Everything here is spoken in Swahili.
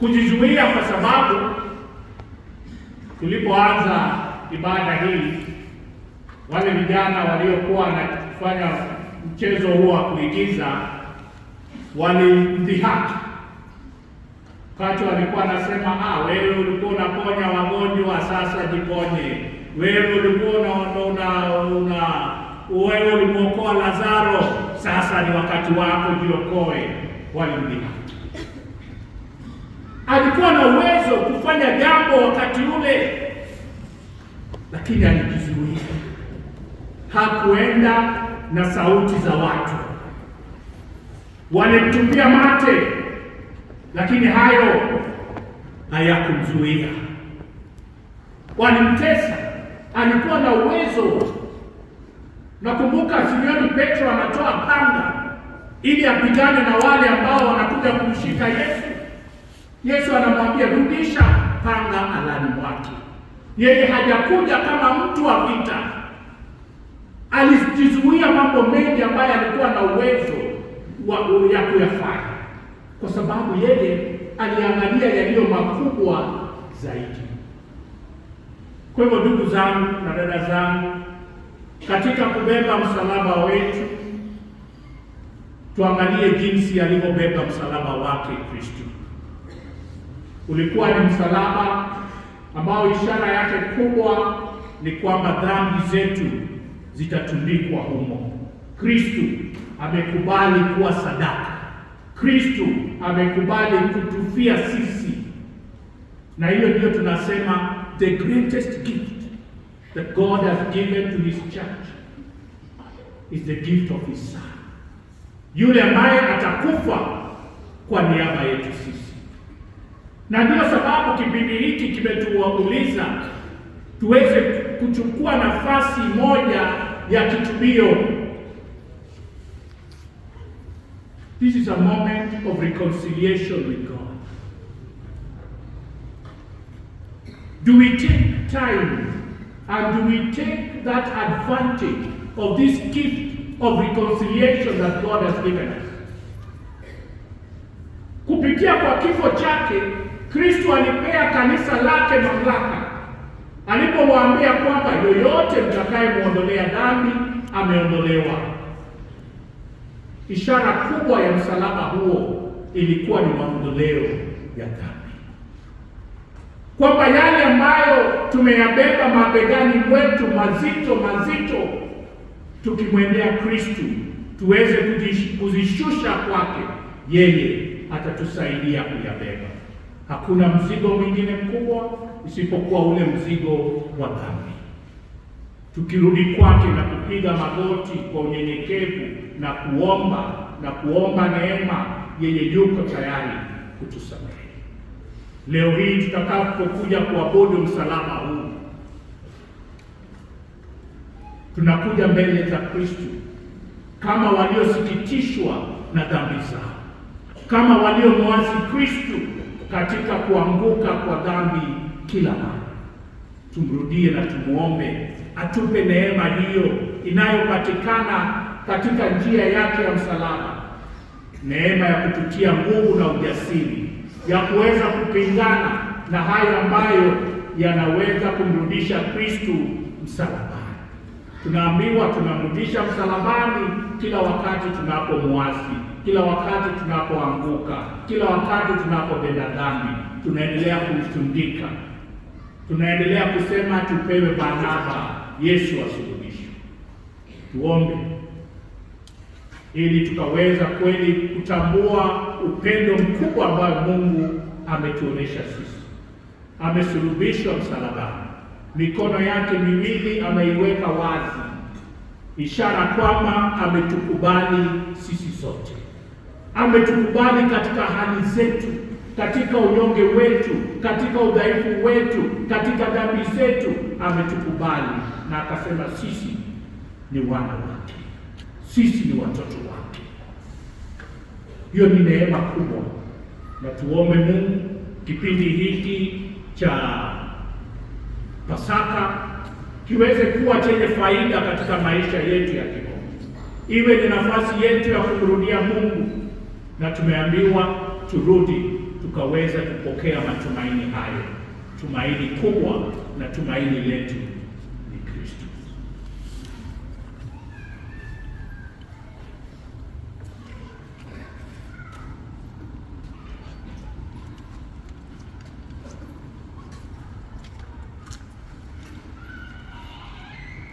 kujizuia kwa sababu tulipoanza ibada hii wale vijana waliokuwa wanafanya mchezo huo wa kuigiza walimdhihaki kati walikuwa anasema ah, wewe ulikuwa unaponya wagonjwa, sasa jiponye wewe. Ulikuwa una una wewe ulimwokoa Lazaro, sasa ni wakati wako jiokoe. Walimdhihaki alikuwa na uwezo kufanya jambo wakati ule, lakini alijizuia, hakuenda na sauti za watu. Walimtumbia mate, lakini hayo hayakumzuia. Walimtesa, alikuwa na uwezo. Nakumbuka Simoni Petro anatoa panga ili apigane na wale ambao wanakuja kumshika Yesu Yesu anamwambia rudisha panga alani mwake. Yeye hajakuja kama mtu wa vita, alijizuia mambo mengi ambayo alikuwa na uwezo wa ya kuyafanya, kwa sababu yeye aliangalia yaliyo makubwa zaidi. Kwa hivyo, ndugu zangu na dada zangu, katika kubeba msalaba wetu tuangalie jinsi alivyobeba msalaba wake Kristo ulikuwa ni msalaba ambao ishara yake kubwa ni kwamba dhambi zetu zitatundikwa humo. Kristu amekubali kuwa sadaka. Kristu amekubali kutufia sisi, na hiyo ndiyo tunasema the greatest gift that God has given to his church is the gift of his son, yule ambaye atakufa kwa niaba yetu sisi na ndio sababu kipindi hiki kimetuuliza tuweze kuchukua nafasi moja ya kitubio. This is a moment of reconciliation with God. Do we take time and do we take that advantage of this gift of reconciliation that God has given us? Kupitia kwa kifo chake Kristo alipea kanisa lake mamlaka alipomwambia kwamba yoyote mtakayemwondolea dhambi ameondolewa. Ishara kubwa ya msalaba huo ilikuwa ni maondoleo ya dhambi, kwamba yale ambayo tumeyabeba mabegani mwetu mazito mazito, tukimwendea Kristu tuweze kuzishusha kwake, yeye atatusaidia kuyabeba. Hakuna mzigo mwingine mkubwa isipokuwa ule mzigo wa dhambi. Tukirudi kwake na kupiga magoti kwa unyenyekevu na kuomba na kuomba neema, yeye yuko tayari kutusamehe. Leo hii tutakapokuja kuabudu msalaba huu, tunakuja mbele za Kristo kama waliosikitishwa na dhambi zao, kama waliomwasi Kristo katika kuanguka kwa dhambi kila mara. Tumrudie na tumuombe atupe neema hiyo inayopatikana katika njia yake ya msalaba, neema ya kututia nguvu na ujasiri ya kuweza kupingana na hayo ambayo yanaweza kumrudisha Kristu msalabani. Tunaambiwa tunamrudisha msalabani kila wakati tunapomwasi. Kila wakati tunapoanguka, kila wakati tunapotenda dhambi, tunaendelea kumtundika, tunaendelea kusema tupewe Barnaba, Yesu asulubishwe. Tuombe ili tukaweza kweli kutambua upendo mkubwa ambao Mungu ametuonesha sisi. Amesulubishwa msalabani, mikono yake miwili ameiweka wazi, ishara kwamba ametukubali sisi sote ametukubali katika hali zetu, katika unyonge wetu, katika udhaifu wetu, katika dhambi zetu ametukubali, na akasema sisi ni wana wake, sisi ni watoto wake. Hiyo ni neema kubwa, na tuombe Mungu kipindi hiki cha Pasaka kiweze kuwa chenye faida katika maisha yetu ya kiroho, iwe ni nafasi yetu ya kumrudia Mungu na tumeambiwa turudi tukaweza kupokea matumaini hayo. Tumaini kubwa na tumaini letu ni Kristo.